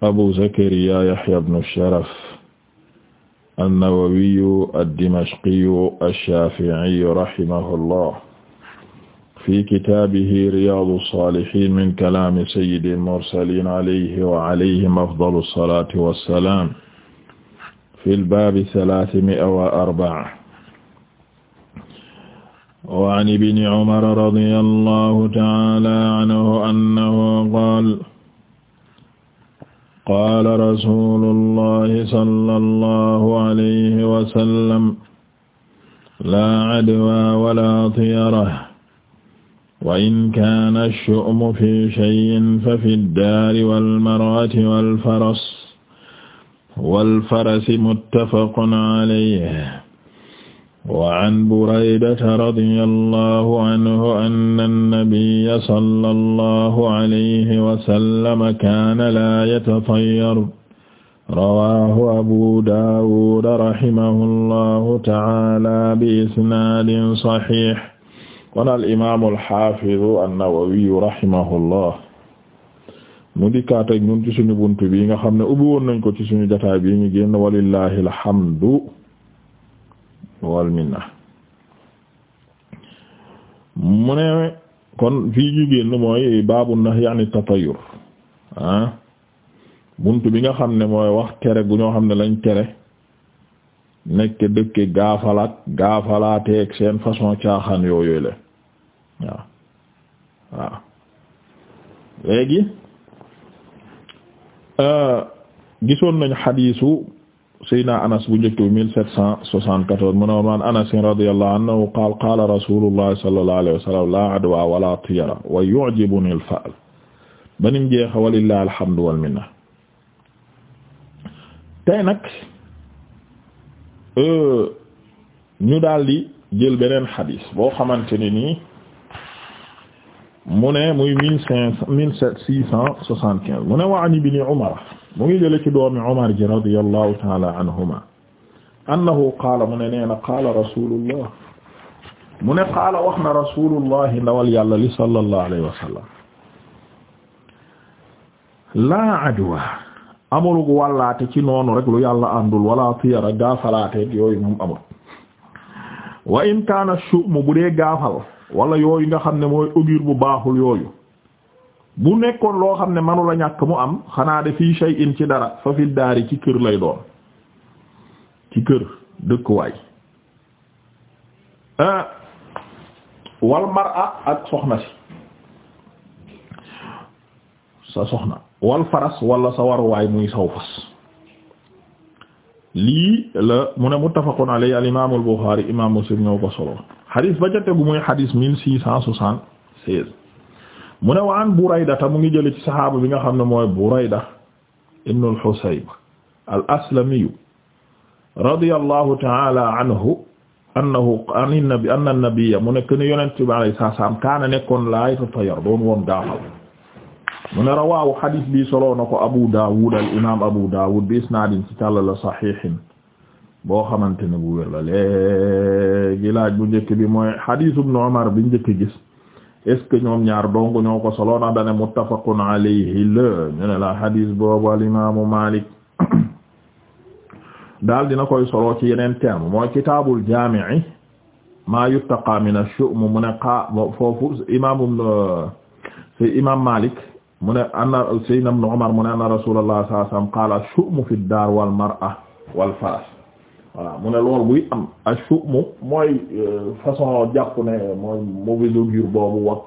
abu zakariya yahya ibnu sharaf annawawiyu addimashqiyu alshafiiyu rahimahu llah fi kitaabihi riyaadu saalihiin min kalaami sayyidil mursaliin alayhi wa alayhim afdalu salaati wa salaam fil baabi salaasimia wa arba'a wa an ibni umar radiyallahu ta'aala anhu annahu qaala qaala rasuulullahi sallallahu alayhi wa sallam laa cadwaa walaa tiyara wa in kaana ash-shu'mu fii shay'in fa fi ad-daari wal-mar'ati wal-farasi wal-farasi muttafaqun alayhi وعن بريدة رضي الله عنه أن النبي صلى الله عليه وسلم كان لا يتطير رواه أبو داود رحمه الله تعالى بإسناد صحيح قال الإمام الحافظ النووي رحمه الله mu dikkaat ak ñun ci suñu bunt bi nga xam ne ubbi woon nañ ko ci suñu jotaay bi ñu génn ولله الحمد wal minna mu ne kon fii ñu génn mooy baabu na ani tatayur ah, bunt bi nga xam ne mooy wax tere gu ñoo xam ne lañ tere nekk dëkke gaafalaat gaafalaateeg seen façon caaxaan yooyu le waaw waaw léegi euh, gisoon nañ xadiisu Seydina Anas bu njëkk bi 1774 mu ne man Anas radiyallahu anhu qaala qaala rasulullah sallallahu alayhi wa sallam laa adwa wala tiyara wa yu'jibuni al-fa'l banim jeexa walillahi alhamdu wal minna tey nag euh, ñu daldi jël beneen xadiis boo xamante ne nii mu ne muy mille cinq cent mille sept six cent soixante quinze mu ne wa an ibni Umar mu ngi jële ci doomi Umar ji radiyallahu taala anhuma annahu qaala mu ne nee na qaala rasulullah mu ne qaala wax na rasulullah ndawal yàlla li sallallahu alayhi wa sallam laa adwa amul wàllaate ci noonu rek lu yàlla àndul wala tiyara gaafalaate yooyu moom amul wa in kaana shu'mu bu dee gaafal wala yooyu nga xam ne mooy augure bu baaxul yooyu bu nekkoon loo xam ne manula ñàkk mu am xanaa de fii shay'in ci dara fa fi daari ci kër lay doon ci kër dëkkuwaay ah, wal mar'a ak soxna si sa soxna wal faras wala sa waruwaay muy saw fas lii la mu ne muttafaqun alayhi al imaamul Buxaari imaam Muslim ñoo ko solo xadis ba ca tegu muy xadis mille six cent soixante seize mu ne waan Burayda ta mu ngi jële ci saxaaba bi nga xam ne mooy Burayda ibnu al-Husayb al-Aslamiyu radiyallahu ta'ala anhu annahu an nabi anna nabiyya mu nekk ne yonent bi alayhi salaam kaana nekkoon laa yatatayyar doon woon gaafal mu ne rawaahu xadis bi solo na ko Abu Daawud al-imaam Abu Daawud bi isnaadin ci tallala saxiixin boo xamante ni bu wér la léegi bu njëkk bi mooy hadisu ibn Umar bi njëkk gis est ñoom ñaar dong ñoo ko solo na dane muttafaqun alayhi la ñu ne la hadis boobu al imaamu Malik daal dina koy solo ci yeneen terme mooy kitaabul jaami'i maa yuttaqa min ash-shu'm mu ne xaa foofu imaamu si imaam Malik mu ne anna sayyidina ibn Umar mu ne anna rasulullah sallallahu alayhi wasallam qaala ash-shu'mu fi ad-daar wal mar'a wal faras voilà mu ne loolu buy am ashum mooy euh, façon jàpp ne mooy mauvais augure boobu wax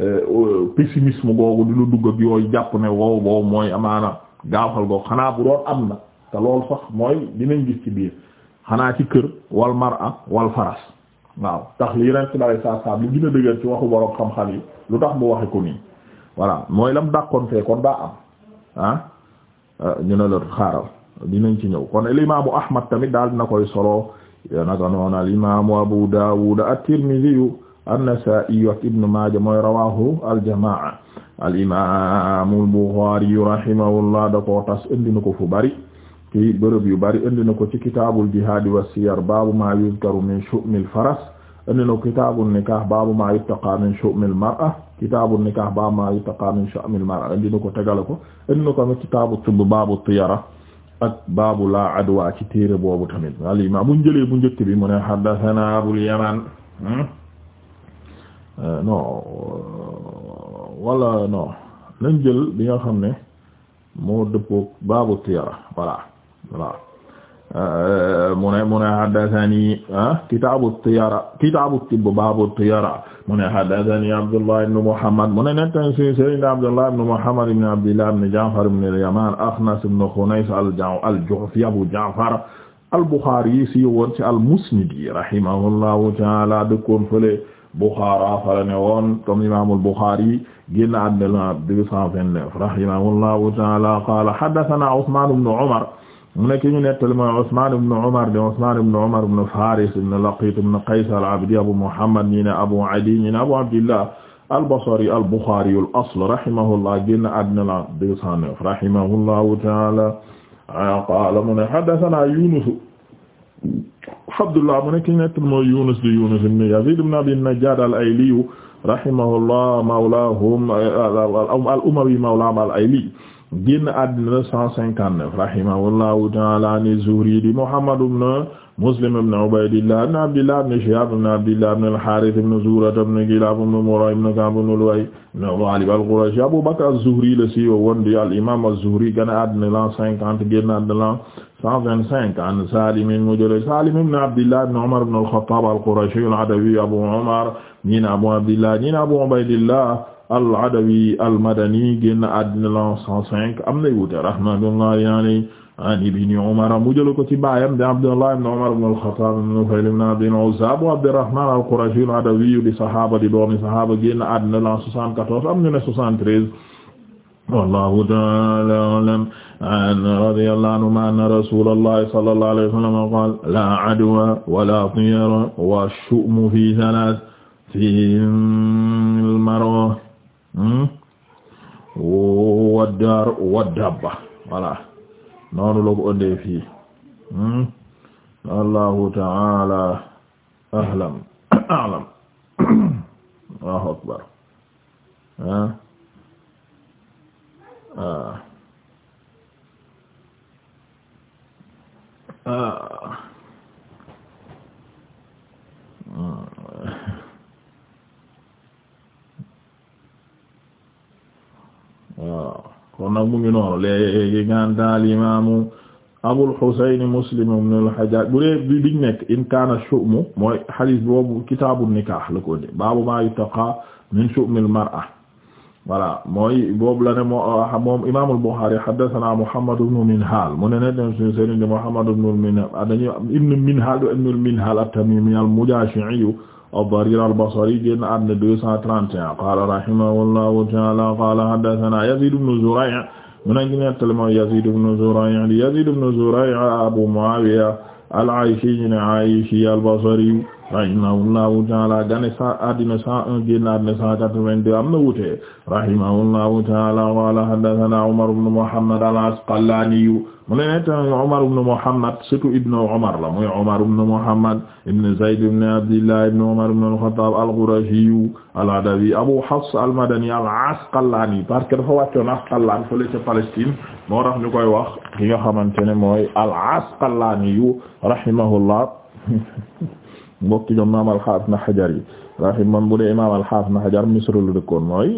euh, pessimisme googu di lu dugg ak yooyu jàpp ne wow boobu mooy amaana gaafal googu xanaa bu doon am na te lool sax mooy dinañ gis ci biir xanaa ci kër wal mar'a wal faras waaw tax li yeneen si bari saa saa lu gën dëgër ci waxu borom xam-xam yi lu tax mu waxe ko nii voilà mooy lam dàqoon fee kon daa am ah, euh, ñu ne la xaaral dinañ ci ñëw kon al imaamu Ahmad koy solo naka noonu al imaamu Abu Dawud at-Tirmidhi an-Nasa'i ak Ibn Maaja mooy rawahu al-jamaa al imaamu al-Bukhari rahimahullah da koo tas na ko fu bari ci bërëb yu bari indi na ko ci kitaabul jihaad wa siyar baabu maa yuzkaru min shu'mil faras indi na ko kitaabun nikaah baabu maa min shu'mil mar'a kitaabu nikaah baabu maa yuttaqaa min shu'mil mar'a indi ak baabu laa adwa ci téere boobu tamit al imam buñ jëlee bu njëkk bi mu ne haddathana abul yaman hmm? euh, non euh, wala non lañ jël bi nga xam ne moo dëppook baabu tiyara voilà mu ne mu ne haddathani ah, kitaabu tiyara kitaabu tibb baabu tiyara mu ne haddathani Abdullah ibn Muhammad mu ne nettani si Sayyidina Abdullah ibn Muhammad ibn Abdillah ibn Ja'far ibn al-Yaman Akhnas ibn Khunays al-Ju'fi Abu Ja'far al-Bukhari yi si woon ci al-Musnad rahimahullahu ta'ala dëkkoon fële Bukhara fala ne woon comme Imam al-Bukhari génn àddina 229 rahimahullahu ta'ala qala haddathana Uthman ibn Umar mu nekk ñu nettali mooy Usmaan ibn Umar de Usmaan ibn Umar ibn Faaris ibn Laqiit ibn Qays al-Abdi Abu Muhammad ñi ne Abu Adi ñi ne Abu Abdillah al-Basri al-Bukhari al-asl rahimahullah génn àddina la 209 rahimahullahu ta'ala qaala mu ne haddathanaa Yuunus Abdullah mu nekk ñu nettali mooy Yuunus di Yuunus ibn Yaziid ibn Abi Najjaad al-Ayli rahimahullah mawlaahum al-Umawi mawlaahum al-Ayli génn àddina cent cinquante-neuf rahimahullahu ta'ala ni Zuhri di Muhammad ibn Muslim ibn Ubaydillah ibn Abdillah ibn Shihab ibn Abdillah ibn al-Harith ibn Zuhra ibn Kilab ibn Murra ibn Ka'b ibn Lu'ay ibn Ghalib al-Qurashi Abu Bakr az-Zuhri la siiwa woon di al-imam az-Zuhri génn àddina l'an cinquante génn àddina l'an cent vingt-cinq an Salim mu jële Salim ibn Abdillah ibn Umar ibn al-Khattab al-Qurashi al-Adawi Abu Umar ñi na Abu Abdillah ñi na Abu Ubaydillah al-Adawi al-Madani génn àddina la 105 am nay wuute rahmatullahi alayhi an Ibn Umar mu jël ko ci baayam de Abdullah ibn Umar ibn al-Khattab ibn Nufayl ibn Abd al-Uzza Abu Abdurrahman al-Qurashi al-Adawi di saxaaba di doomi saxaaba génn àddina la 74 am ñu ne 73 wallahu ta'ala a'lam radiyallahu anhu anna rasulallahi sallallahu alayhi wa sallam qala la adwa wala tiyara wa shu'mu fi thalath fi al-mar'a Hmm? waddar waddabba voilà noonu la ko ëndee fii hmm? allahu taala ahlam alam allahu akbar ah, ah. Hmm. waaw kon nag mu ngi noonu léegi ngaan daal imaamu Abul Husayn Muslim ibn al-Hajjaj bu dee bi biñ nekk in kaana shu'mu mooy hadith boobu kitaabu nikaah la ko de baabu maa yuttaqaa min shu'mil mar'a voilà mooy boobu la ne moom Imaam al-Bukhari haddathana Muhammad ibn Minhal mu ne ne dem suñu sëriñ di Muhammad ibn Minhal dañuy ibn Minhal ibn Minhal at-Tamimi al-Mujashi'i ad-Darir al-Basri génn àddina 231 qaala rahimahullahu ta'ala qaala haddathana Yazid ibn Zuray' mu ngi nettali mooy Yazid ibn Zuray' Yazid ibn Zuray' Abu Muawiya al-Ayshi al-Ayshi al-Basri rahimahullahu taala gane sa addina 101 génn addina 182 am na wute rahimahullahu taala wala hadathana Umar ibn Muhammad al-Asqalani mu ne net Umar ibn Muhammad surtout ibn Umar la muy Umar ibn Muhammad ibn Zayd ibn Abdillah ibn Umar ibn al-Khattab al-Qurashi al-Adawi Abu Hafs al-Madani al-Asqalani parce que dafa wàccoon Asqalaan fële ca Palestine moo tax ñu koy wax ki nga xamante ne mooy al-Asqalani rahimahullah mbokk ñoom imaam alxaafis na xajar yi rahima bu dee imaam alxaafis na xajar misra lu dëkkoon mooy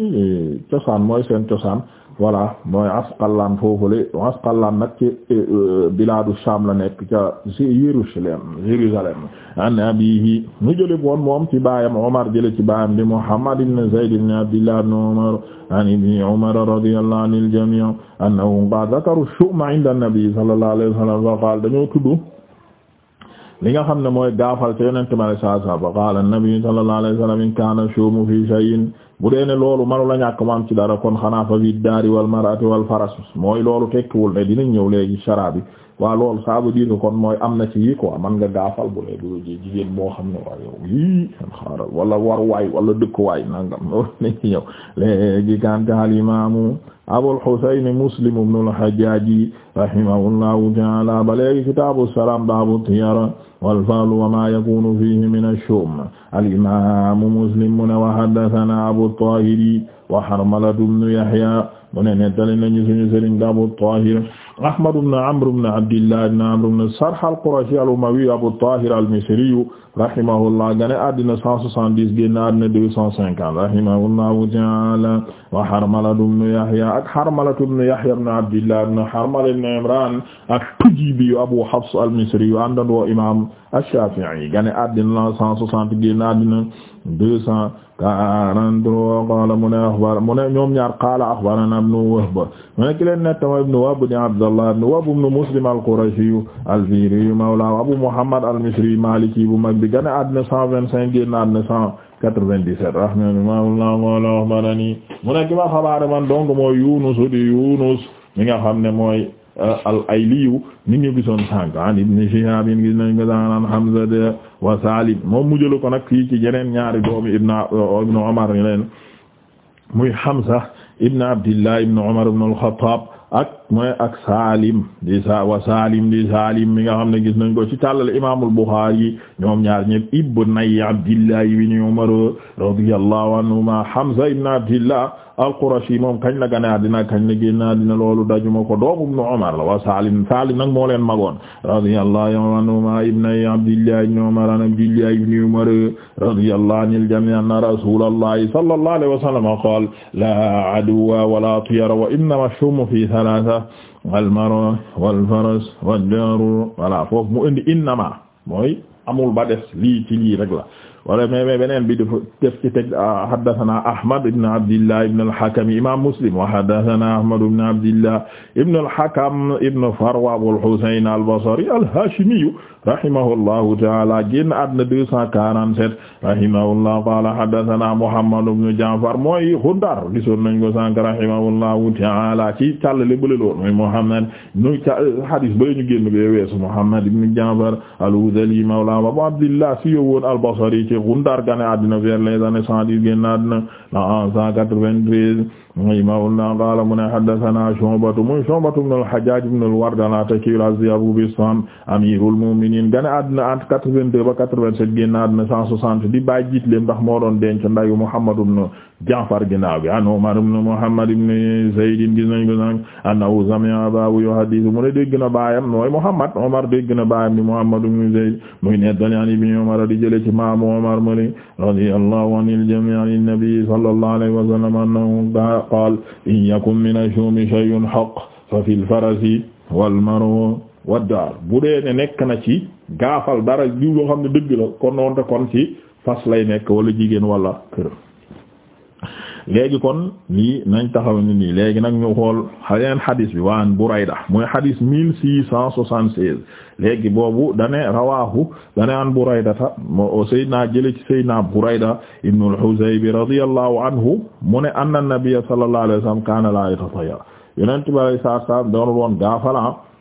cosaan mooy seen cosaan voilà mooy asqalaan foofule asqalaan nag ci euh, bilaadu Shaam la nekk ca Jérusalem Jérusalem an abiihi mu jële woon moom ci baayam Umar jële ci baayam bi Muhammad ibn Zayd ibn Abdillah ibn Umar an ibni Umar radiyallahu anil jamii' annahu qaala dhakaru shu'ma inda an-nabi sallallahu alayhi wa sallam fa qaala dañoo tudd li nga xam ne mooy gaafal ca yonente mi alay saa saa ba qaala nabi sallallahu alayhi wasallam in kaana shumu fi shay'in bu dee ne loolu manu la ñàkk ma am ci dara kon xanaa fa vid daari wal mar'ati wal faras mooy loolu tekkiwul ne dinañ ñëw léegi shara bi waa loolu ça veut dire que kon mooy am na ci yi quoi man nga gaafal bu dee du jigéen boo xam ne waa yow yii xaaral wala waruwaay wala dëkkuwaay nangam loolu nañ ci ñëw léegi kantaal imaamu Abul Husayn Muslim ibn al-Hajjaji rahimahullahu ta'ala ba léegi kitaabu salaam baabu tiyara والفعل وما يكون فيه من الشؤم الإمام مسلم mu ne وحدثنا أبو الطاهر وحرملة بن يحيى mu ne nettali nañu sunu sëriñ Abu Taahir Ahmad ibn Amr ibn Abdillah ibn Amr ibn Sarh al-Qurashi al-Umawi Abu Tahir al-Misri rahimahullah gane àddina 170 génn àddina 250 rahimahullahu ta'ala wa Harmala ibn Yahya ak Harmala ibn Yahya ibn Abdillah ibn Harmala ibn Imran at-Tujibi Abu Hafs al-Misri àndandoo Imam ash-Shafi'i gane àddina 160 génn àddina 243 qaala mu ne ñoom ñaar qaala akhbarana ibn Wahb ma ki leen netta ma ibn Wahb ibn Abdallah ibn Wahb ibn Muslim al-Qurashi al-Fihri mawla Abu Muhammad al-Misri maliki bu mag bi gane àddina 125 génn àddina 197 rahimahullah wala ahbarani mu nekk ma xabaare man donc mooy Yunus di Yunus mi nga xam ne mooy euh, al-Ayliyu ni ñu gisoon sànq an ibn Shihab gis nañ ko daan Hamza de wa Salim moom mu jëlu ko nag fii ci yeneen ñaari doomi ibn Omar euh, leen muy Hamza ibn abdillah ibn umar ibn al-khattab ak mooy ak salim di sa wa salim di salim mi nga xam ne gis nañ ko ci tàllal imamul bukhari ñoom ñaar ñëpp ibn abdillah ibn umar radiyallahu anhuma hamza ibn abdillah al-Qurashi moom kañ la gane àddina kañ la génn àddina loolu dajuma ko doomu ibnu Umar la wa Salim Salim nag moo leen magoon radiyallahu anhuma ibni Abdillah ibni Umar an Abdillah ibni Umar radiyallahu anil jami' anna rasulallahi sallallahu alayhi wa sallam qala la aduwa wala tiyara wa innama ash-shummu fi thalatha al-mar'a wal-faras wad-dar wala foofu mu indi innama mooy amul ba des lii ci lii rek la wala mais beneen bi dafa def ci teg ah, haddathana Ahmad ibn Abdillah ibn al-Hakam imam Muslim wa haddathana Ahmad ibn Abdillah ibn al-Hakam ibn Farwa Abul Husayn al-Basri al-Hashimi rahimahullahu ta'ala génn àdduna 247 rahimahullah qala hadathana Muhammad ibn Ja'far mooy Ghundar gisoon nañ ko sànq rahimahullahu ta'ala ci càllale bële lool mooy Muhammad nu ca hadis ba ñu génn bee weesu Muhammad ibn Ja'far al-Hudhali mawla Abu Abdillah si yowoon al-Basri ci Ghundar gane àdduna vers les années 110 génn àdduna la 193 imamulna qala mu ne hadathana Shu'batu muy Shu'batu ibn al-Hajjaj ibn al-Ward al-Ataki al-Azdi Abu Bistam amirul mu'minin gane àddina entre quatre-vingt-deux ba quatre-vingt-sept génn àddina cent soixante di bàyyi jiitlem ndax moo doon denc Muhammad ibn Jaafar ginnaaw gi an Umar ibn Muhammad ibn Zayd gis nañ ko sànq annahu sami'a abahu yuhaddithu mu ne dégg na baayam mooy Muhammad Umar dégg na baayam ni Muhammad ibn Zayd muy nettali an ibn Umar di jële ci maamu Umar mali radiyallahu anil jami' an nabi sallallahu alayhi wa sallam annahu qaala in yakun min ash-shumi shay'un haqq fa fil farasi wal marwa wad daar bu dee ne nekk na ci gaafal dara jiw loo xam ne dëgg la kon noonte kon ci fas lay nekk wala jigéen wala kër léegi kon lii nañ taxaw ni nii léegi nag ñu xool xaleen xadis bi waan Burayda mooy xadis mille six cent soixante seize léegi boobu dane rawahu dane an Buraydata moo sayyidina jële ci sayyidina Burayda ibnu al-Husayb radiyallahu anhu mu ne anna nabiyya sallallahu la yatatayyar yonent bi alayhi salaatu wa salaam doon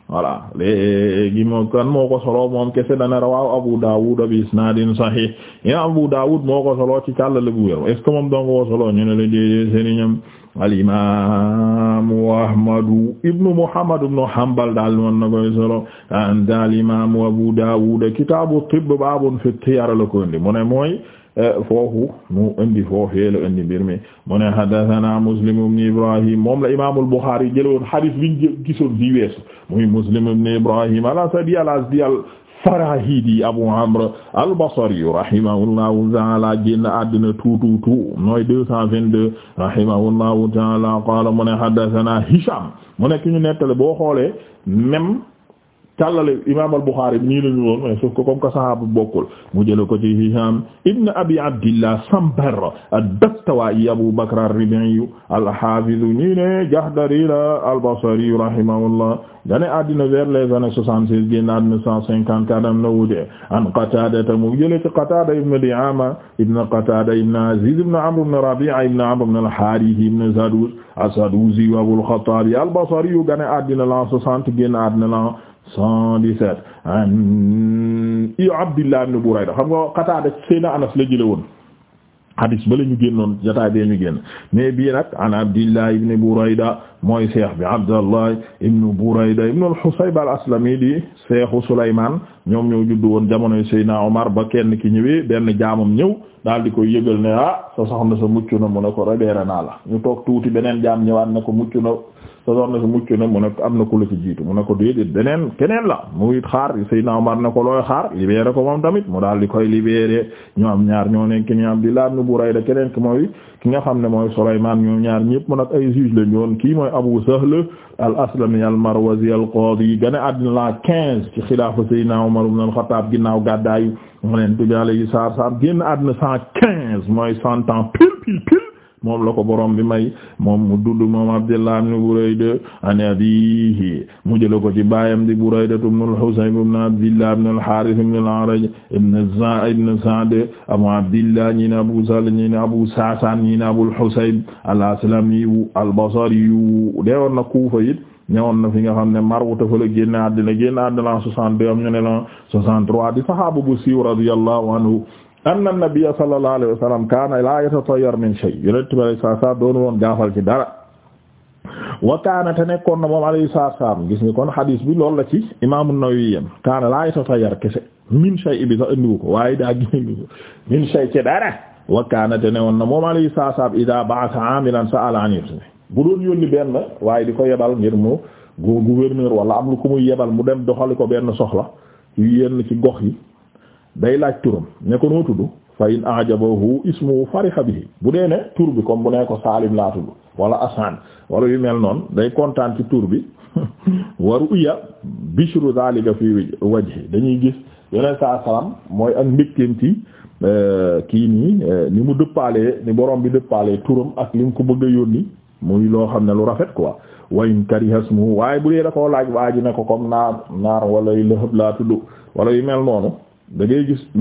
voilà léegi moom kan moo ko solo moom kese dana rawaw Abu Dawud bi isnaadin sahih ya Abu Dawud moo ko solo ci càllale bu wér est-ce moom dong ko solo ñu ne la déedéet sëriñam al imaamu Ahmadu ibnu Muhammad ibnu Hanbal daal moom na koy solo an daal imaamu Abu Dawud kitaabu tibb baabun fi tiyar la ko mu ne mooy foofu mu indi foofee la indi mbir mi mu ne haddathana Muslim ibn Ibrahim moom la imaamul Bukhari jëlee woon hadith biñ gisoon bi weesu muy Muslim ibn Ibrahim al-Asadi al-Azdi al-Farahidi Abu Amr al-Basri rahimahullahu ta'ala génn àddina tuutuutu nooy 222 rahimahullahu ta'ala qaala mu ne Hisham mu nekk ñu nettale boo xoolee même. càllale imam al-Bukhari bi nii la ñu woon mais sauf que comme que sahaaba bokkul mu jële ko ci Hisham ibn abi abdillah Sambar ad-Dastuwaa'i Abu Bakr ar-Rib'i al-Hafiz ñii ne Jahdari la al-Basri rahimahullah gane àddina vers les années soixante-six génn àddina cent cinquante-quatre am na wuute an Qatada ta mu jële ci Qatada ibn Di'ama ibn Qatada ibn Aziz ibn Amr ibn Rabi'a ibn Amr ibn al-Harith ibn Zaduz as-Saduzi Abu al-Khattab al-Basri gane àddina l'an soixante génn àddina l'an 117 an Abdillah ibn Burayda xam nga Qataada Seydina Anas la jële woon hadis ba la ñu génnoon jotaay bee ñu génn mais bii nag an Abdillah ibn Burayda mooy seex bi Abdallah ibn Burayda ibn al-Husayb al-Aslami di seexu Sulaymaan ñoom ñëw juddu woon jamonoy Seydina Omar ba kenn ki ñëwee benn jaamam ñëw daal di koy yëgal ne ah sa na sa mucc na mu ne ko rebeere naa la ñu toog tuuti beneen jaam ñëwaat ne ko mucc na sa soxna si mucc na mu ne am na ku la ci jiitu mu ne ko déedéet beneen keneen la muy xaar Seydina Omar ne ko looy xaar libéré ko moom tamit mu daal di koy libéré ñoo am ñaar ñoo nekk ni Abdullah ibn Burayda keneen ki mooy ki nga xam ne mooy Sulaymaan ñoom ñaar ñëpp mu nag ay juge la ñoon kii mooy Abu Sahl al-Aslami al-Marwazi al-Qaadi gane àddina la quinze ci xilaafa Seydina Omar ibn al-Khattab ginnaaw gàddaayu mu leen tubi alayhi salaam génn àddina cent quinze mooy cent ans pile moom la ko borom bi may moom mu dudd moom Abdullah ibn Burayda an abiihi mu jël ko ci baayam di Burayda ibn al-Husayb ibn Abdillah ibn al-Harith ibn al-A'raj ibn Za'a ibn Sa'd Abu Abdillah ñi ne Abu Sal ñi ne Abu Sa'san ñi ne Abul Husayb al-Aslami al-Basri deewoon na Kufa it ñëwoon na fi nga xam ne marwu tafala génne àddina génne àddina 62 am ñu ne la 63 di sahaaba bu siiw radiyallahu anhu anna nabiyya sallallahu alayhi wa sallam kaana laa yatatayyar min shay yonent bi salaam doon woon gaafal ci dara wa te nekkoon na moom alayhi salaatu salaam gis ni kon hadis bi loolu la ci imaamu Nawawi yem kaana laa yatatayyar kese min shay bi sax indiwu ko waaye daa gis min shay ci dara wa te ne woon na moom alayhi salaatu salaam idaa ba'atha aamilan sa'ala an ismihi bu doon yónni benn waaye di ko yebal ngir mu gouverneur wala am lu ko muy yebal mu dem doxali ko benn soxla yu yenn ci gox yi. day laaj turam ne ko noo tudd fa in ajabahu ismu fariha bihi bu dee ne tur bi comme bu ne ko saalim laa tudd wala Assane wala yu mel noonu day kontaan ci tur bi waru iya bishru zalika fi wajhi dañuy gis yeneen saa salaam mooy ak mbégteem ci euh, kii nii euh, ni mu dëppaalee ni borom bi dëppaalee turam ak li mu ko bëgg a yónni muy loo xam ne lu rafet ko wa in kariha waaye bu dee da laaj waa ji ne ko comme naar naar wala yu lëhëb laa tudd wala yu mel noonu. da ngay gis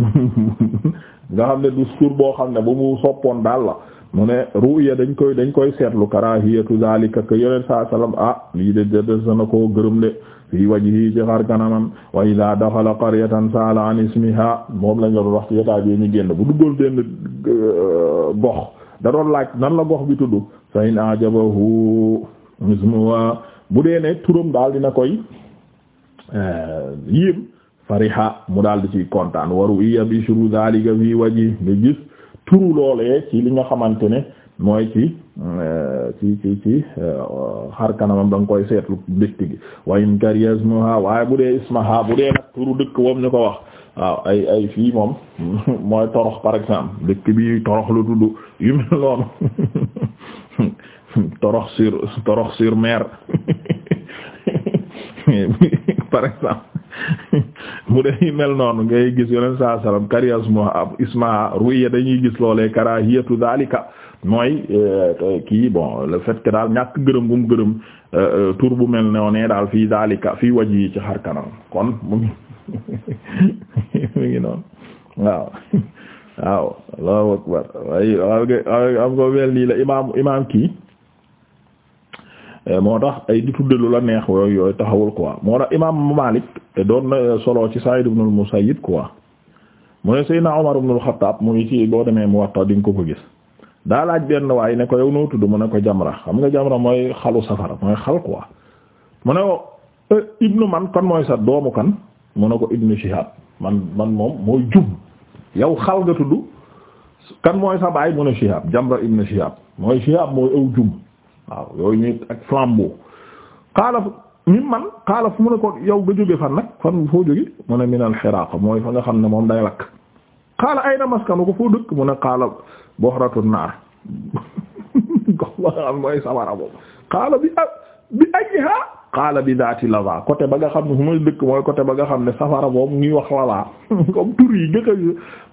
nga xam ne du suur boo xam ne bu mu soppoon daal la mu ne ruya dañ koy dañ koy seetlu karahiyatu zalika que yonent saa sallam a ah, lii de des na koo gërëm de fii wajhi ci xar kanamam wa ida daxala qaryatan sala an ismiha moom lañ la doon wax ci yotaa bi ñu génn bu duggoon benn euh, gox da doon laaj nan la gox bi tudd fa in ajabahu ismuha bu dee ne turam daal dina koy euh, yéem fariha mu daal di ciy kontaan waru iya bishru zalika fii waji nga gis turu loolee ci li nga xamante ne mooy ci euh, ci ci euh, xar kanamam da nga koy seetlu dëkk gi wa in karyasmoha waaye bu dee ismaha bu dee nag turu dëkk moom ñu ko wax waaw ay fii moom mooy torox par exemple dëkk bi torox lu tudd yu mel noonu torox sur torox sur mer par exemple mu dañuy mel noonu ngay gis yoneen saa salaam kariya isma ruya dañuy gis loolee karahiyatu daalika mooy eh, kii bon le fait que daal ñàkk gërëm gum gërëm eh, eh, tur bu mel noonee daal fii daalika fii waj yi ci xar kanam kon mu ngi noonu waaw waaw Allahu akbar waaye am ko wel nii la imaam imaam kii Eh, moo tax ay di tudde la neex yooyu yooyu taxawul quoi moo tax imaam Malik eh, doon na eh, solo ci Sa'id ibn al-Musayyib quoi mu ne Seydina Umar ibn al-Khattab mu ngi boo demee Muwatta di ko ko gis daa laaj benn waaye ne ko yow noo tudd mu ne ko Jamra xam nga Jamra mooy xalu safara mooy xal quoi mu ne ko ibnu man kan mooy sa doomu kan mu ne ko ibnu man man moom mooy jub yow xal kan mooy sa baay mu ne Shihab Jamra ibnu Shihab mooy Shihab mooy aw jum waaw yooyu ñuy ak flambeau xaala min man xaala fu mu ne ko yow nga jóge fan nag fan foo jóge mu ne min al mooy fa nga xam ne moom day lakk xaala ayna ko foo dëkk mu ne xaala boxratu naar gox ba nga xam mooy sawara boobu xaala bi ak bi ajha xaala bi daati lava côté ba nga xam ne fu may dëkk mooy côté ba nga xam ne safara boobu ngi wax lava comme tur yi gëkka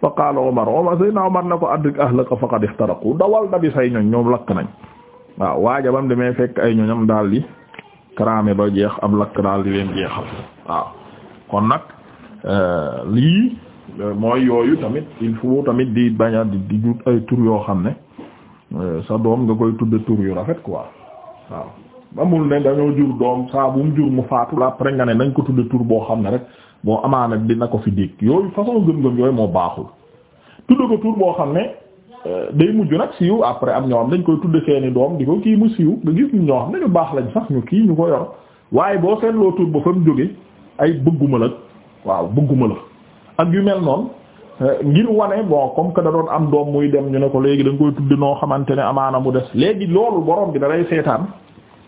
fa qaala Omar Omar Seydina Omar na ko adrik ahlaka faqad ixtaraqu dawal da bi say ñoñ ñoom lakk nañ waaw waaja bam demee fekk ay ñoñam daal di cramé ba jeex ab lakk daal di leen jeexal waaw kon nag euh, lii euh, mooy yooyu tamit il faut tamit di bañ a di jut ay tur yoo xam ne euh, sa doom nga koy tudde tur yu rafet ko waaw amul ne dañoo jur doom saabu mu jur mu faatu la après nga ne nañ ko tudde tur boo xam ne rek boo amaana dina ko fi dégg yooyu façon gëm-gëm yooyu moo baaxul tudde ko tur boo xam ne Euh, day mujj nag siiw après am ñoo xam dañ koy tudd seeni doom di ko kii mu siiw nga gis ñoo xam ne ñu baax lañ sax ñu kii ñu ko yor waaye boo seetloo tur ba fa mu jóge ay bëgguma la waaw bëgguma la ak yu mel noon euh, ngir wane bon comme que da doon am doom muy dem ñu ne ko léegi da nga koy tudd noo xamante ne amaana mu des léegi loolu borom bi da seetaan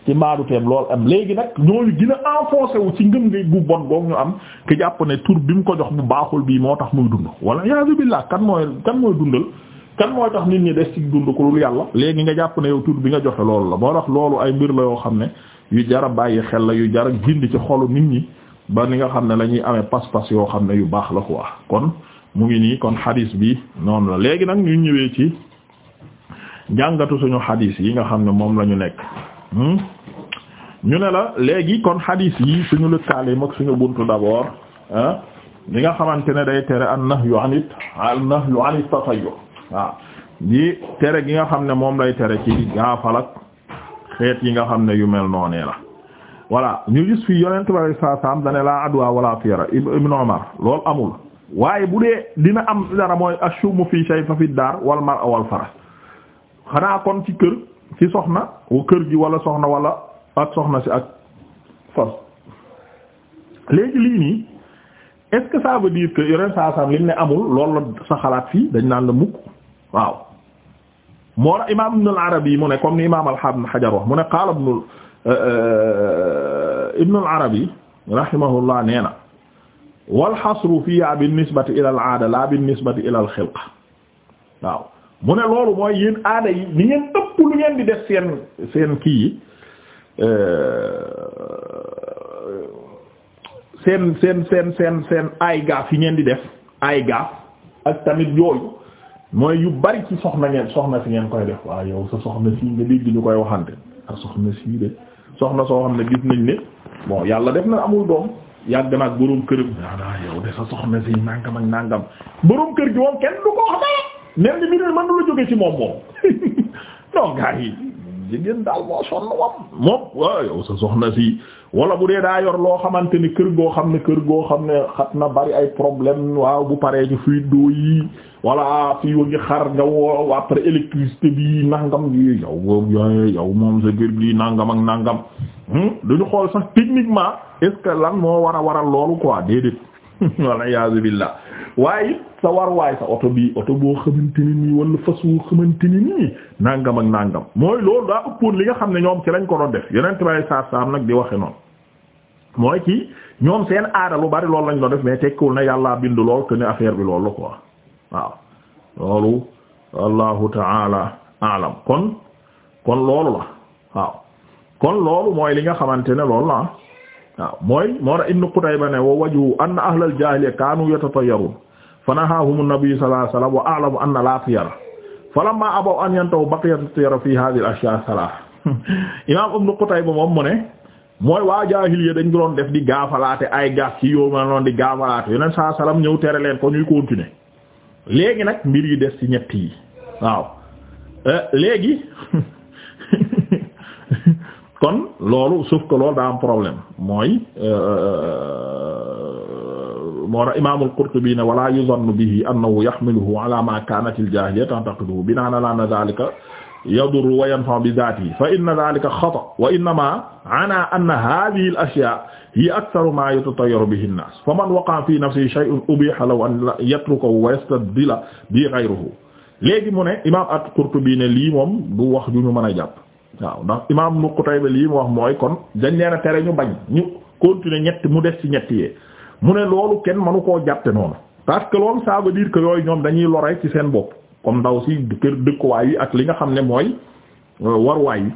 ci maadu teem lool am léegi nag ñooñu gën a enfoncé wu ci ngëm ngi gu bon boobu ñu am ki jàpp ne tur bi mu ko jox bu baaxul bii moo tax muy dund wala yasubillah kan mooy kan dundal kan mooy tax nit ñi des ci dund ko lu yàlla léegi nga jàpp ne yow tur bi nga joxe loolu la moo tax loolu ay mbir la yoo xam ne yu jara bàyyi xel la yu jara gindi ci xolu nit ñi ba ni nga xam ne la amee pas-pas yoo xam ne yu baax la quoi kon mu ngi nii kon xadiis bi noonu la léegi nag ñu ñëwee ci jàngatu suñu xadiis yi nga xam ne moom la ñu nekk hmm? ñu ne la léegi kon xadiis yi suñu lëkkaale mag suñu buntu d'abord li nga xamante ne day tere an nahyu anit an nahyu anit tatayyu waaw lii tere gi nga xam ne moom lay tere ci gaafal ak xeet yi nga xam ne yu mel noonee la voilà ñu gis fii yonent bi alayhi amul waaye bu dee dina am dara mooy ashumu fii shay daar wal mar wal ci kër ci soxna wu kër gi wala soxna wala ak soxna si ak fas léegi lii nii est-ce que saa saam li ne amul lool la sa xalaat fii dañ naan la mukk waaw moo la ibn al-Arabi yi mu ne comme ni imam al-Hafiz Ibn Hajar wax mu ibn ibn al-Arabi rahimahullah wal xasru fiha bin-nisbati ila al-aada la bin ila al-xilqa waaw mu ne loolu mooy yi ni di def seen seen kii yi seen seen seen seen seen ay gaaf yi ngeen di def ay gaaf ak mooy yu bari ci soxna ngeen soxna si ngeen koy def waa yow sa soxna si nga koy waxante ak soxna sii de soxna soo xam ne gis nañ ne bon yàlla def na amul doom yàgg na ak boroom këram waaw ah yow boroom kër gi moom kenn du ko wax dara mel ni ne man du la jóge ci moom moom non gars yi jigéen daal moo sonn wam moom waaw yow sa soxna si wala bu dee daa yor loo xamante ni kër goo xam ne kër goo xam ne xat na bari ay problème waaw bu paree ci fuite d'eau yi wala fii wa ngi xar nga woo après électricité bi nangam yi yow yow moom sa kër gi nangam ak nangam hmm? duñu xool sax techniquement est lan moo war a waral loolu quoi déedéet wala yaazu billah waaye sa war oto bi oto boo xamante ni nii wala fas woo ni nii nangam ak nangam mooy loolu daa ëppoon li nga xam ne ñoom ci lañ ko doon def yeneen tubaab yi saa saa nag di waxe noonu. mooy ki ñoom seen aada lu bari loolu lañ doon def mais tekkiwul na yàllaa bind lool que ne affaire bi loolu ko waaw loolu allahu taala alam kon kon loolu la waaw kon loolu mooy li nga xamante ne loolu la waaw mooy moo tax Ibn Qutayba ne wa waju anna ahlal jaahiliyya kaanu yatatayyarun fa nahahum an wa a'lamu anna la tiyara abaw an yantahu baqiyat at-tiyara fi hadhihi al-ashya' ath-thalath Qutayba moom mu ne mooy waa jaahiliya dañ doon def di gaafalaate ay gaaf ci yow ma noonu di gaafalaate yeneen saa salaam ñëw tere leen ko ñuy continuer léegi nag mbir yi des ci ñett yi waaw euh, léegi kon loolu sauf que loolu daa am problème mooy euh, euh, moo tax imaamul Qurtubi ne wala yuzannu bihi annahu yaxmiluhu ala ma kaanat al jaahiliya tantaqiduhu binaana ala zaalika yadur wa yanfa bi dhatihi fa inna dhalika xata wa innama ana anna hadhihi al ashya hiya aktharu ma yatatayyaru bihi an-nas fa man waqa'a fi nafsihi shay'un ubiha law an yatrukahu wa yastabdila bi ghayrihi léegi mu ne imam at-Qurtubi ne lii moom du wax ju ñu mën a jàpp waaw ndax imam nu Qutayba lii mu wax mooy kon dañ leen a tere ñu bañ ñu continuer ñett mu des ci ñett yee mu ne loolu kenn mënu koo jàppe noonu parce que loolu ça veut dire que yooyu ñoom dañuy lore ci seen bopp comme ndaw si kër dëkkuwaay yi ak li nga xam ne mooy euh, warwaay yi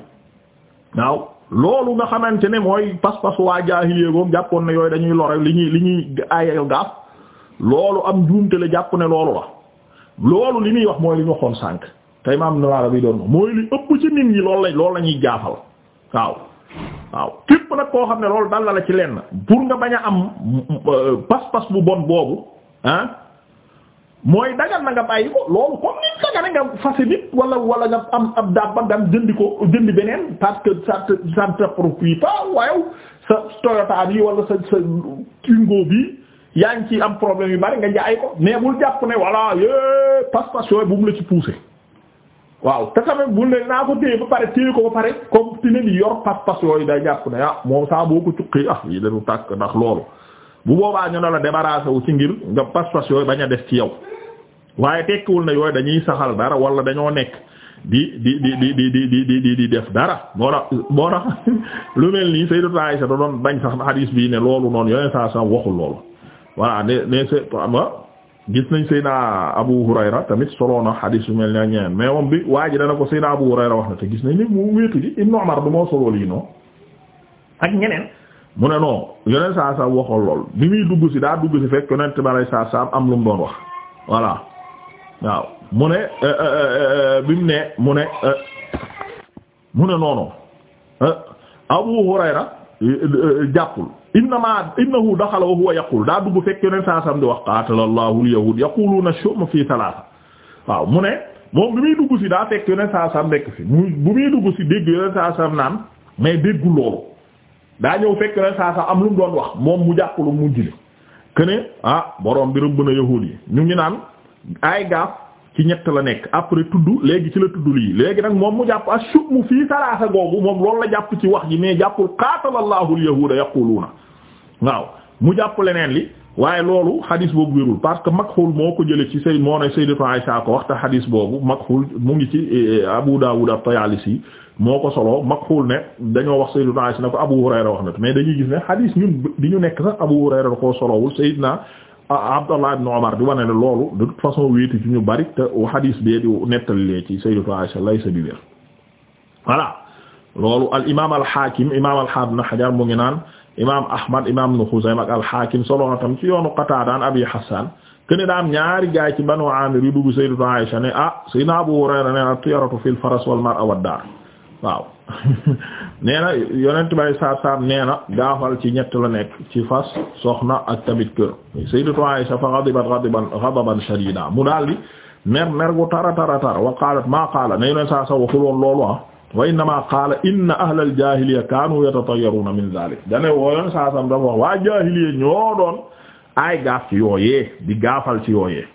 waaw loolu nga xamante ne mooy pas-pas waa jaahiliya goom jàppoon ne yooyu dañuy lore li ñuy li ñuy aayal gaaf loolu am njuumte la jàpp ne loolu la loolu li muy wax mooy li ñu waxoon sànq tey maam nuwaara bi doon mooy li ëpp ci nit ñi lool lañ la ñuy jaafal waaw waaw képp nag koo xam ne loolu dal la ci lenn pour nga bañ a am euh, pas-pas bu bon boobu ah mooy dagan na nga bàyyi ko loolu comme ni dagan nga fase nit wala wala nga am ab dabba nga jënd ko jëndi beneen parce que ça te ça ne t'approprie pas waaye sa Toyota bi wala sa sa Twingo bi yaa ngi ci am problème yu bari nga jaay ko mais bul jàpp ne voilà yee passe-passe yooyu bu mu la ci pousser waaw te tamit bu ne naa ko téye ba pare téye ko ba pare comme tine ni yor passe-passe yooyu day jàpp ne ah moom saa boo ko cuqi ah yi dañu tàkk ndax loolu bu boobaa ñu ne la wu ci ngir nga passe yooyu bañ a def ci yow. waaye tekkiwul na yooyu dañuy saxal dara wala dañoo nekk di di di di di di di di di def dara moo tax lu mel nii Sayyidatu Aisha da doon bañ sax hadis bii ne loolu noonu yoneen saa sa waxul loolu voilà ne ne gis nañ Sayyidina Abu Hurayra tamit solo na hadis yu mel ne ñeneen mais bi waa ji dana ko Sayyidina Abu Hurayra wax na gis nañ ni mu wéetu ji Ibnu Umar du moo solo lii mu ne non yoneen saa sa waxul bi muy dugg si daa dugg si fekk yonent bi alayhi salaam am lu mu doon wax voilà waaw mu ne euh, euh, euh, bi mu ne mu ne mu ne noonu Abu Hurayra jàppul innama innahu daxala wa huwa yaqul daa dugg fekk yoneen saa sam di wax qaatala Allahu al-yahuud shum fii salaasa waaw mu ne moom bi muy dugg si daa fekk yoneen saa nekk fi mu bu muy dugg si dégg yoneen saa naan mais déggul loolu daa ñëw fekk yoneen saa sam am lu mu doon wax moom mu jàppul mu jile que ah borom bi rëbb na yahuud yi ñu ngi naan. ay gaaf ci ñett la nekk après tudd léegi ci la tudd lii léegi nag moom mu jàpp ak sub mu fii salaasa googu moom loolu la jàpp ci wax ji mais jàppul qaatalallahu alyahuda yaquluuna waaw mu jàpp leneen li waaye loolu hadis boobu wérul parce que mag Makhul moo ko jële ci say moo ne Sayyidatu Aisha ko waxta hadis boobu Makhul mu ngi ci eh, Abu Dawud at-Tayalisi moo ko solo mag Makhul ne dañoo wax Sayyidatu Aisha na ko Abu Hurayra wax na mais dañuy gis ne hadis ñu nekk sax Abu Hurayra koo solowul Sayyidna Abdallah ibn Umar di wane ne loolu de toute façon wéeti ci ñu bari te hadis bee di nettali lee ci Sayyidatu Aisha lay sa bi wér voilà loolu al imaam imaam al Hafiz Hajar mu ngi naan imaam Ahmad imaam Ibn Khuzaymah ak solo na tam ci yoonu Qatada an Abi Hassan kene daam ñaari gaay ci Banu Amir yu dugg Sayyidatu Aisha ne ah Sayyidina Abu Hurayra ne at-tiyaratu fil faras wal mar'a wad-dar waaw nee na yonent bay saar nee na gaafal ci ñett la nekk ci fas soxna ak tamit kër sayyidatu Aisha fa ghadibat ghadiban ghadaban shadida mu daal di mer mer gu tara tara tara wa qalat ma qaala ne yonent saa sa waxul loolu ah wa innama qaala inna ahla al jahiliya kaanu yatatayyaruna min dhalik dane woo yonent saa sam dafa jahiliya ñoo doon ay gaaf ci yooyee di gaafal ci yooyee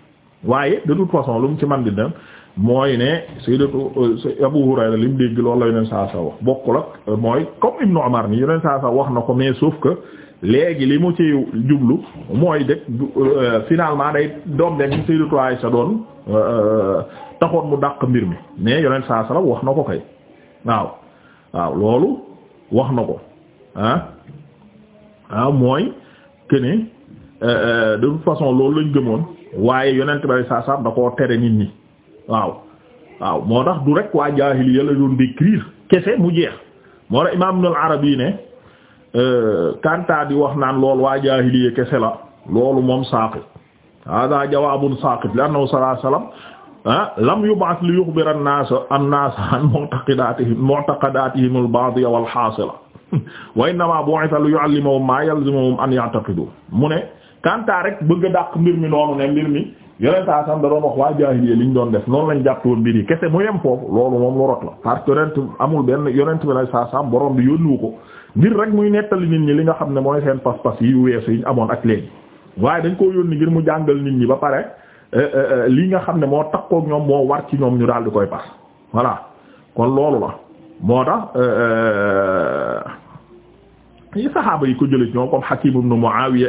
waaye de toute façon lu mu ci man di dem mooy ne sayyidatu euh, Abu Hurayra li mu dégg loolu la yeneen saa sa wax bokkul ak euh, mooy comme Ibnu Umar ni yeneen saa sa wax na ko mais sauf ka léegi li mu ci jublu mooy dëkk euh, finalement day doom de ni sa Aysa doon taxoon mu dàq mbir mi mais yeneen saa sa wax na ko kay waaw waaw loolu wax na ko ah waaw mooy que ne de toute façon loolu lañ gëmoon waaye yoneen bi saa saa da koo tere nit ñi. waaw waaw moo tax du rek waa jaahiliya la doon décrire kese mu jeex moo tax imaam Ibn al-Arabi ne euh, kanta di wax naan loolu waa jaahiliya kese la loolu moom saaqit hada jawaabun saaqit li annahu sallallahu alayhi wasallam ah, lam yub'ath li yukhbira an-nas an-nas an mu'taqidatihim mu'taqadatihim al-baadiya wal-haasila wa innama bu'itha li yu'allimahum ma yalzimuhum an ya'taqidu mu ne kanta rek bëgg a dàq mbir mi noonu ne mbir mi yeneen saa sam da doon wax waa jaahiliya li ñu doon def noonu lañ jàppoon mbir yi kese mu yem foofu loolu moom lu rot la parce que yonent amul benn yonent bi nag saa sam bi yónnuwu ko ngir rek muy nettali nit ñi li nga xam ne mooy seen pas-pas yi weesu yi amoon ak léegi waaye dañ koo yónni ngir mu jàngal nit ñi ba pare eh, eh, eh, li nga xam ne moo tax ak ñoom moo war ci ñoom ñu daal di koy pas voilà kon loolu la moo tax saxaaba yi ko jëlee ñoom comme Hakim ibn Muawiya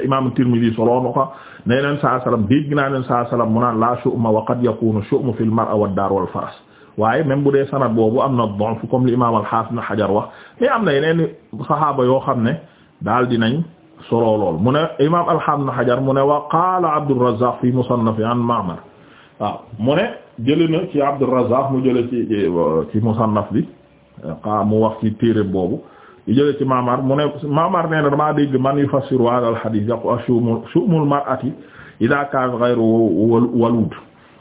ne leen saa salaam dégg naa leen saa salaam mu naan laa shu'ma wa qad yakunu shu'mu fil mar'a wad daar wal faras waaye même bu dee sanad boobu am na da'f comme li imaam al-Hafiz Ibn Hajar wax mais am na yeneen saxaaba yoo xam ne daal dinañ solo lool mu ne imaam al-Hafiz Ibn Hajar mu ne wa qaala Abdurrazzaq fi musannaf an Ma'mar waaw mu ne jëlee na ci Abdurrazzaq mu jëlee ci ci musannaf bi mu wax ci téere boobu. yu jëlee ci Mamar mu ne Mamar nee na damaa dégg man yu fassiru hadha al hadith yaqu shumul shumul mar'ati idha kana ghayru walud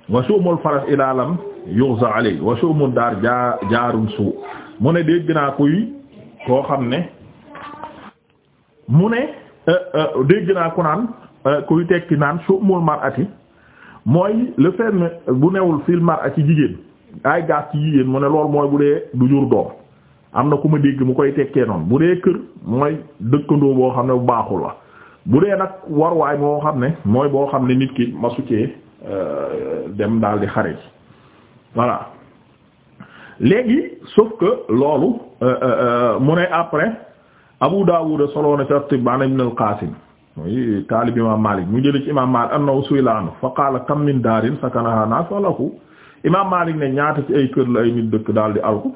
wa shumul faras idha lam yughza alayhi wa shumul dar jaarun su mu ne dégg naa kuy koo xam ne mu ne euh, euh, dégg naa ku naan euh, kuy tekki naan shumul mar'ati mooy le fait bu newul fil mar'ati jigéen ay gaas ci jigéen mu ne loolu mooy bu dee du jur doom am na ku ma dégg mu koy tekkee noonu bu dee kër mooy dëkkandoo boo xam ne bu baaxul la bu dee nag warwaay moo xam ne mooy boo xam ne nit ki ma succee euh, dem daal di xare ji voilà léegi sauf que loolu euh, euh, mu ne après Abu Dawud soloo na ci at-Tibb an Ibn al-Qasim muy taalib imam Malik mu jële ci imam Malik annahu su'ila anhu fa qala kam min daarin sakanaha naas falahu imam Malik ne ñaata ci ay kër la ay nit dëkk daal di alku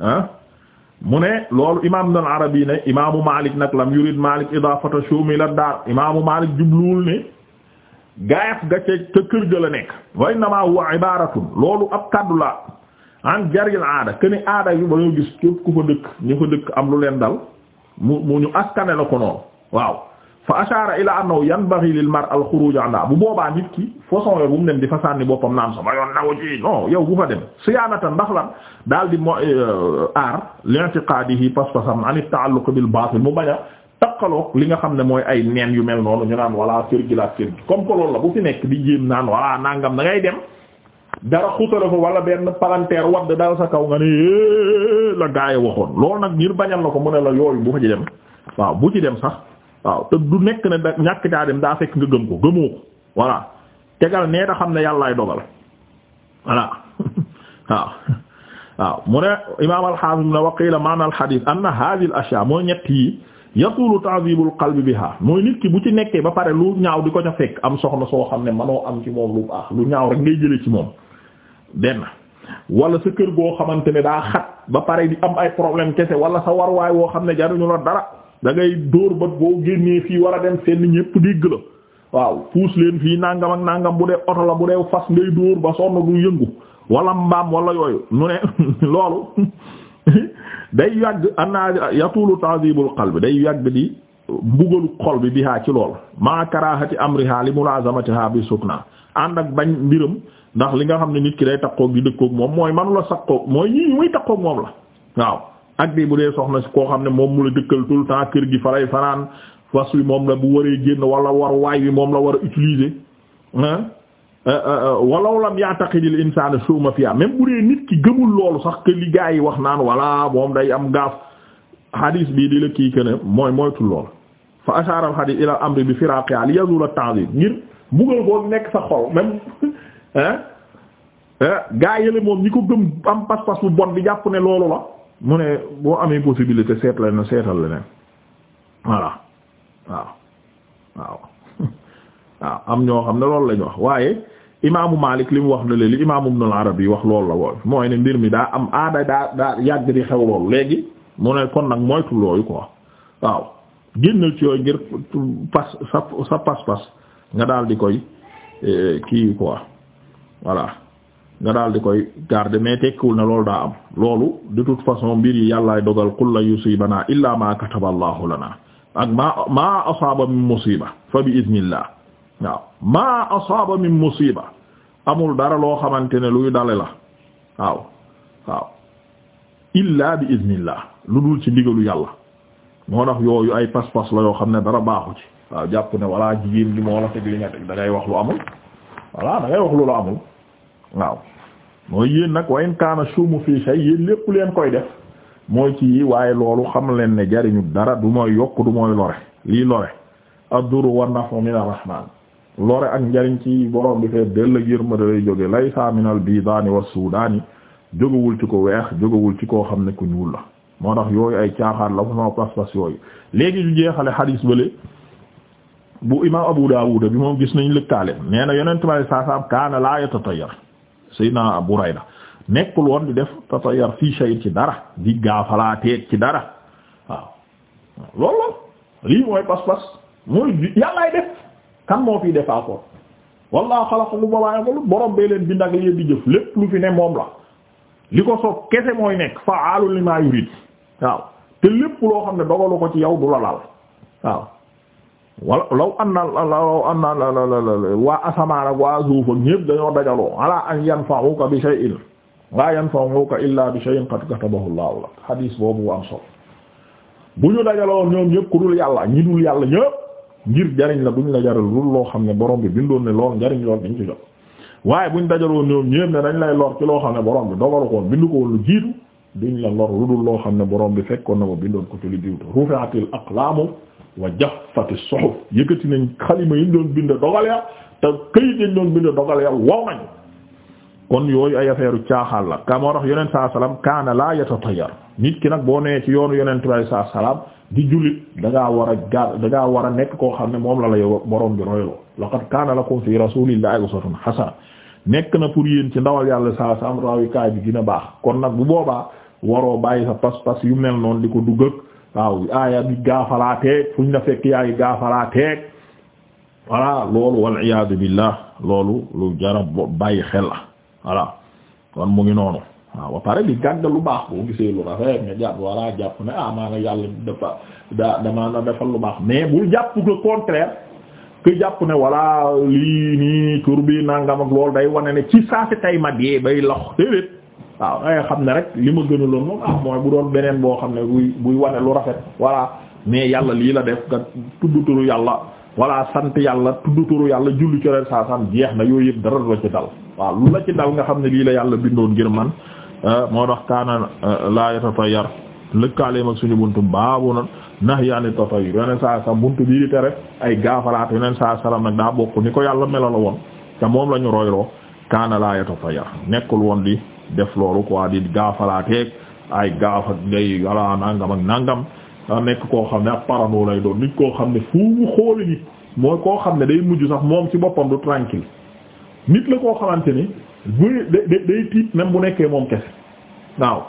ah? mu ne loolu imaam Ibn Arabi ne imaamu Malik nag lam yurid Malik idaafata shumi la daar imaamu Malik jubluwul ne gaayaf ga ca ca kër ga la nekk wa innamaa huwa ibaratun loolu ab kaddu la an jaril aada keni aada yu ba ñoo gis képp ku fa dëkk ñu fa dëkk am lu leen dal mu mu ñu askane la ko noonu waaw fa ashara ila annahu yanbaghi lil mar al khuruj anha bu boobaa nit ki façon yooyu bu mu dem di fa sànni boppam naan sama yoon nawu ci non yow bu fa dem siyaanatan ndax la daal di mo euh, aar li'tiqadihi paspasam an ta'alluq bil batil mu bañ a taqaloog li nga xam ne mooy ay neen yu mel noonu ñu naan wala kër gi la kër gi comme que la bu fi nekk di jéem naan wala nangam da ngay dem dara xutala ko wala benn palanteer wadd daal sa kaw nga ne la gaay waxoon loolu nag ngir bañal la ko mu ne la yooyu bu fa ci dem waaw bu ci dem sax waaw te du nekk na da ñàkk caa dem daa fekk nga gëm ko gëmoo ko voilà tegal nee ta xam ne yàllaay dogal waaw waaw mu ne imaam al-Hafiz ne wa qila ma'na al-hadith anna hadhihi al-ashya mooy ñett yi yatulu ta'dhibul qalbi biha mooy nit ki bu ci nekkee ba pare lu ñaaw di ko ca fekk am soxna soo xam ne manoo am ci moom lu baax lu ñaaw rek ngay jëlee ci moom benn wala sa kër goo xamante ne daa xat ba pare di am ay problème kese wala sa warwaay woo xam ne jaruñu la dara da ngay dóor ba boo génnee fii war a dem fenn ñépp dégg la waaw puus leen fii nangam ak nangam bu dee oto la bu dee fas ngay dóor ba sonn du yëngu wala mbaam wala yooyu nu ne loolu day yàgg anna yatulu xal bi day yàgg di mbugalu xol bi bihaa ci lool maa karahati amriha li mulazamatiha bi sukna ànd ak bañ mbiram ndax li nga xam ne nit ki day takkoog di dëkkoog moom mooy manu la sakkoog mooy ñii muy takkoog moom la waaw ak bi bu dee soxna si koo xam ne moom mu la dëkkal tout le temps kër gi fa lay fanaan fas wi moom la bu waree génn wala war waay wi moom la war a utiliser euh, euh, euh, walaw lam ya'taqidil insaanu ma fiha même bu dee nit ki gëmul loolu sax que li gaa yi wax naan wala moom day am gaaf hadis bii di la kii que ne mooy moytu lool fa ashara al hadis ila amri bi firaqiha li yazul at-ta'zir ngir mbugal boo nekk sa xol même ah gaa yële moom ñi ko gëm am pas mu ne boo amee possibilité seet la ne seetal la ne voilà waaw waaw waaw am ñoo xam ne loolu lañ wax waaye imaamu Maalik li mu wax ne la li imaamu Ibnul Arabi wax loolu la woon mooy ne mbir mi daa am aada daa daa yàgg di xew loolu léegi mu ne kon nag moytu ko quoi waaw génnal ci yooyu ngir pas sa sa pas-pas nga daal di koy eh, kii quoi voilà nga daal di koy garder mais tekkiwul ne loolu daa am loolu de toute façon mbir yàllaay dogal qul la illa ma kataba allahu lana ak ma ma asaaba min musiba fa bi idnillah waaw ma asaaba min musiba amul dara loo xamante ne luy dale la waaw waaw illa bi idnillah lu dul ci ndigalu yàlla moo tax yooyu ay pas-pas la yoo xam ne dara baaxu ci waaw jàpp ne walla jigéen gi moo la teg li nga teg da wax lu amul walla da wax lu la amul waaw mooy yéen nag wayen kaana suumu fii shay yéen lépp leen koy def mooy ci yi waaye loolu xam leen ne jariñu dara du mooy yokk du mooy lore lii lore ad-duru wan-nafu min ar-rahman lore ak njariñ ci borom bi fee dell ak yërmande lay jóge laysa min al-bidaani was-suudaani jógewul ci ko weex jógewul ci koo xam ne ku ñuul la moo tax yooyu ay caaxaan la moo pas-pas yooyu léegi ñu jeexale xadiis bële bu imaam Abu Daawuda bi moom gis nañ lëkkaale nee na yonent bi sallallahu alayhi wasallam kaana laa yatatayyar Seydina Burayda nekkul woon di def tatayar fii shay'in ci dara di gaafalaateeg ci dara waaw loolu lii mooy pas-pas mooy yàllaay def kan moo fiy def accord wallaahu xalaqakum wa maa ya'maluun borom bee leen bind ak li di jëf lépp lu fi ne moom la li ko soob kese mooy nekk fa'aalun limaa yuriid waaw te lépp loo xam ne dogalu ko ci yow du la laal waaw wala law anna law anna waa asamaan ak waa suuf ak ñépp dañoo dajaloo ala an yanfa'uka bi shay'in la yanfa'uka illa bi shay'in qad katabahu Allahu lak xadiis boobu am solo bu ñu dajaloo ñoom ñépp ku dul yàlla ñi dul yàlla ñépp ngir jariñ la buñ la jaral loo xam ne borom bi bindoon ne lool njariñ lool dañ ci jot waaye buñ dajaloo ñoom ñépp ne dañ lay lor ci loo xam ne borom bi dogalu koon bindu ko woon lu jiitu duñ la lor lu dul loo xam ne borom bi fekkoon na ma bindoon ko ci wa jaffati suhuf yëkkati nañ xalima yi ñu doon bind dogal ya te këyit yañ doon bind dogal ya wow nañ kon yooyu ay affaire caaxaan la ka moo tax yonent saa salaam kaana laa yatatayyar nit ki nag boo nee ci yoonu yonent bi saa salaam di jullit da ngaa war a gar da war a nekk koo xam ne moom la la yow borom bi royloo laqad kaana lakum fi rasulillahi uswatun hasana nekk na pour yéen ci ndawal yàlla saa salaam rawikaay bi gën a baax kon nag bu boobaa waroo bàyyi sa pas-pas yu mel noonu di ko dugg waaw aaya bi gaafalaateeg fu ñu la fekk yaa ngi gaafalaateeg voilà loolu wal iyaadu billah loolu lu jara bàyyi xel la voilà kon mu ngi noonu waaw ba pare di gàgg lu baax boo gisee lu rafet nga jàpp voilà jàpp ne ah maanaam yàlla damaa na defal lu baax mais bul jàpp le contraire que jàpp ne voilà lii nii tur bi nangam loolu day wane ne ci saa si tay ma dee bay lox déedéet. waaw dangay xam ne rek li ma gënaloon moom ah mooy bu doon beneen boo xam ne buy buy wane lu rafet voilà mais yàlla lii la def nga tudd turu yàlla voilà sant yàlla tudd turu yàlla julli coreen saa sam jeex na yooyu yëpp dara du la ci dal waaw lu la ci dal nga xam ne lii la yàlla bindoon ngir man ah moo tax kaana ah, laa yar lëkkaaleem ak suñu buntu baabu na nahyi ani tatayur yeneen saa sam buntu bii di tere ay gaafalaat yeneen saa salam nag daa bokk ni ko yàlla melala woon te moom la ñu royloo kaana laa def loolu quoi di gaafalaateeg ay gaaf ak ngay walla nangam ak nangam daa nekk koo xam ne ak parano lay doon nit koo xam ne fu mu xooli nit mooy koo xam ne day mujj sax moom ci boppam du tranquille nit la koo xamante ni bu day tiit même bu nekkee moom kese waaw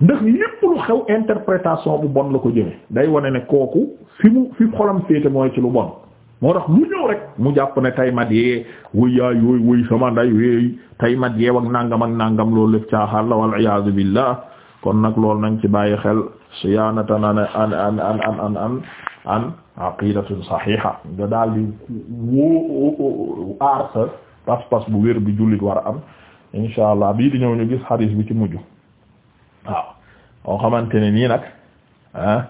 ndax lépp lu xew interprétation bu bon la ko jëme day wane ne kooku fi mu fi xolam féete mooy ci lu bon moo tax mu ñëw rek mu jàpp ne tay mat yee wuy yaay yooyu wuy sama nday wéey tay mat yee ak nàngam ak nàngam loolu lépp caaxaan la wal iyaadu billah kon nag loolu nañ ci bàyyi xel siyaanatan an an an an an an an aqidatun saxiixa nga daal di woo aar sa pas-pas bu wér bi jullit war a am insha allah bii di ñëw ñu gis xadiis bi ci mujj waaw moo xamante ne nii nag ah,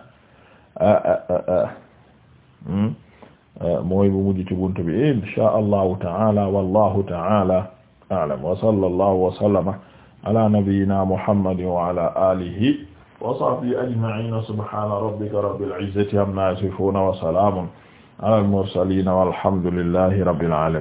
ah, ah, ah hmm? Euh, mooy bu mujj ci buntu bi insha allahu ta'ala wallahu ta'ala a'lam wa sallallahu wa sallama ala nabiyyina muhammadin wa ala alihi wa sahbihi ajma'in subhana rabbika rabbil izzati amma yasifun wa salamun ala al mursalin walhamdulillahi rabbil alamin